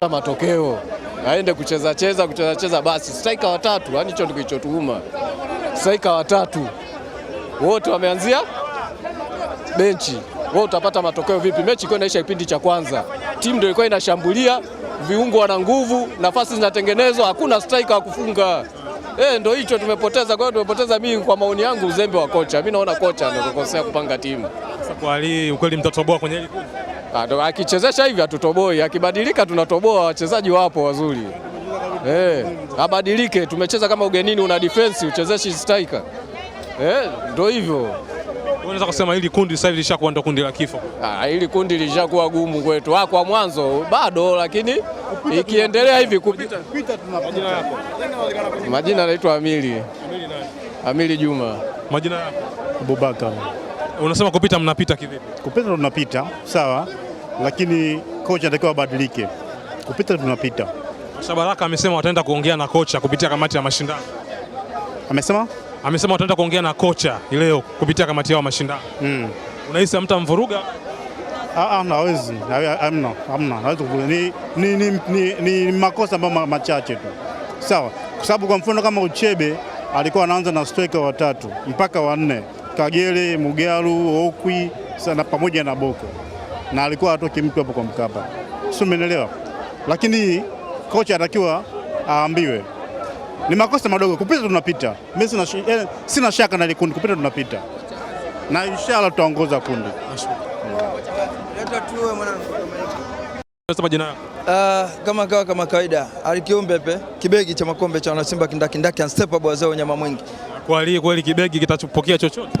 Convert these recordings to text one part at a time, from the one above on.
Matokeo aende kucheza cheza kucheza cheza basi, striker watatu. Yani hicho ndicho kilichotuuma, striker watatu wote wameanzia benchi. Wewe utapata matokeo vipi? Mechi ilikuwa inaisha kipindi cha kwanza, timu ndio ilikuwa inashambulia, viungo wana nguvu, nafasi zinatengenezwa, hakuna striker wa kufunga. Eh, ndio hicho tumepoteza. Kwa hiyo tumepoteza, mimi kwa maoni yangu, uzembe wa kocha. Mimi naona kocha ndio kupanga timu. Sasa kwa hali ukweli mtatoboa kwenye hili kundi. Ah, akichezesha hivi hatutoboi, akibadilika tunatoboa. Wachezaji wapo wazuri hey, eh, abadilike. Tumecheza kama ugenini, una defense uchezeshi striker hey, eh, ndio hivyo. Unaweza kusema hili kundi sasa hivi lishakuwa ndo kundi la kifo. Ah, hili kundi lishakuwa gumu kwetu. Ah, kwa mwanzo bado, lakini ikiendelea hivi kupita majina yako. Majina yanaitwa Amili. Amili nani? Amili Juma. Majina yako? Abubakar. Unasema kupita mnapita kivipi? Kupita tunapita, sawa lakini kocha anatakiwa abadilike. Kupita tunapita. Shabaraka amesema wataenda kuongea na kocha kupitia kamati ya mashindano. Amesema amesema wataenda kuongea na kocha leo kupitia kamati yao ya mashindano. Mm. Unahisi amta Ah, ah hawezi. Ah, hamna, Ni, ni, ni, ni, ni makosa ambayo machache tu. Sawa. Kwa sababu kwa mfano kama Uchebe alikuwa anaanza na striker watatu mpaka wanne, Kagere, Mugalu, Okwi sana pamoja na Boko na alikuwa atoki mtu hapo kwa Mkapa, si umeelewa? Lakini kocha atakiwa aambiwe ni makosa madogo, kupita tunapita. Mimi sina, eh, sina shaka na likundi, kupita tunapita na inshallah tutaongoza kundi. Uh, kama kawa kama kawaida alikiumbe pe kibegi cha makombe cha wanasimba kindakindaki unstoppable wazee wenye mamwingi kweli kweli, kibegi kitachopokea chochote.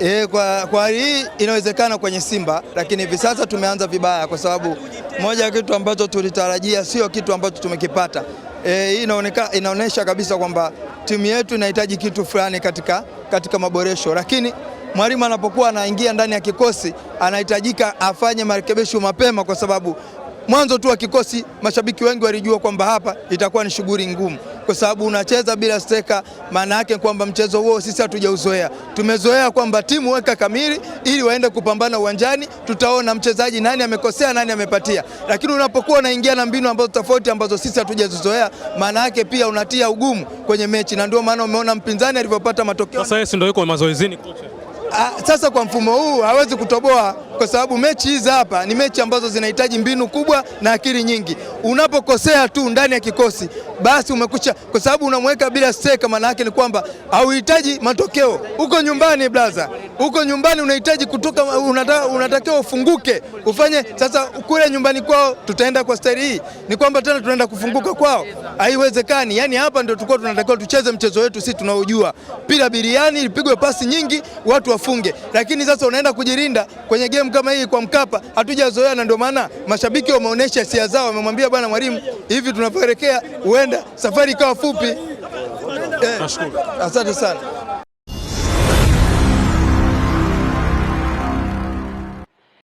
E, kwa, kwa hii inawezekana kwenye Simba, lakini hivi sasa tumeanza vibaya, kwa sababu moja ya kitu ambacho tulitarajia sio kitu ambacho tumekipata. E, hii inaonyesha kabisa kwamba timu yetu inahitaji kitu fulani katika, katika maboresho, lakini mwalimu anapokuwa anaingia ndani ya kikosi anahitajika afanye marekebisho mapema, kwa sababu mwanzo tu wa kikosi mashabiki wengi walijua kwamba hapa itakuwa ni shughuli ngumu kwa sababu unacheza bila steka, maana yake kwamba mchezo huo sisi hatujauzoea. Tumezoea kwamba timu weka kamili ili waende kupambana uwanjani, tutaona mchezaji nani amekosea nani amepatia, lakini unapokuwa unaingia na mbinu ambazo tofauti ambazo sisi hatujazizoea, maana yake pia unatia ugumu kwenye mechi, na ndio maana umeona mpinzani alivyopata matokeo. Sasa yeye ndio yuko mazoezini kocha. Ah, sasa kwa mfumo huu hawezi kutoboa kwa sababu mechi hizi hapa ni mechi ambazo zinahitaji mbinu kubwa na akili nyingi. Unapokosea tu ndani ya kikosi, basi umekucha, kwa sababu unamweka bila steka. Maana yake ni kwamba hauhitaji matokeo. Uko nyumbani blaza, uko nyumbani, unahitaji kutoka, unataka unatakiwa ufunguke, ufanye. Sasa kule nyumbani kwao tutaenda kwa staili hii, ni kwamba tena tunaenda kufunguka kwao, haiwezekani. Yani hapa ndio tulikuwa tunatakiwa tucheze mchezo wetu sisi tunaojua, pila biriani, ipigwe pasi nyingi, watu wafunge, lakini sasa unaenda kujirinda kwenye game sehemu kama hii kwa Mkapa hatujazoea, na ndio maana mashabiki wameonyesha hisia zao, wamemwambia bwana mwalimu, hivi tunavyoelekea huenda safari ikawa fupi. Eh, asante sana.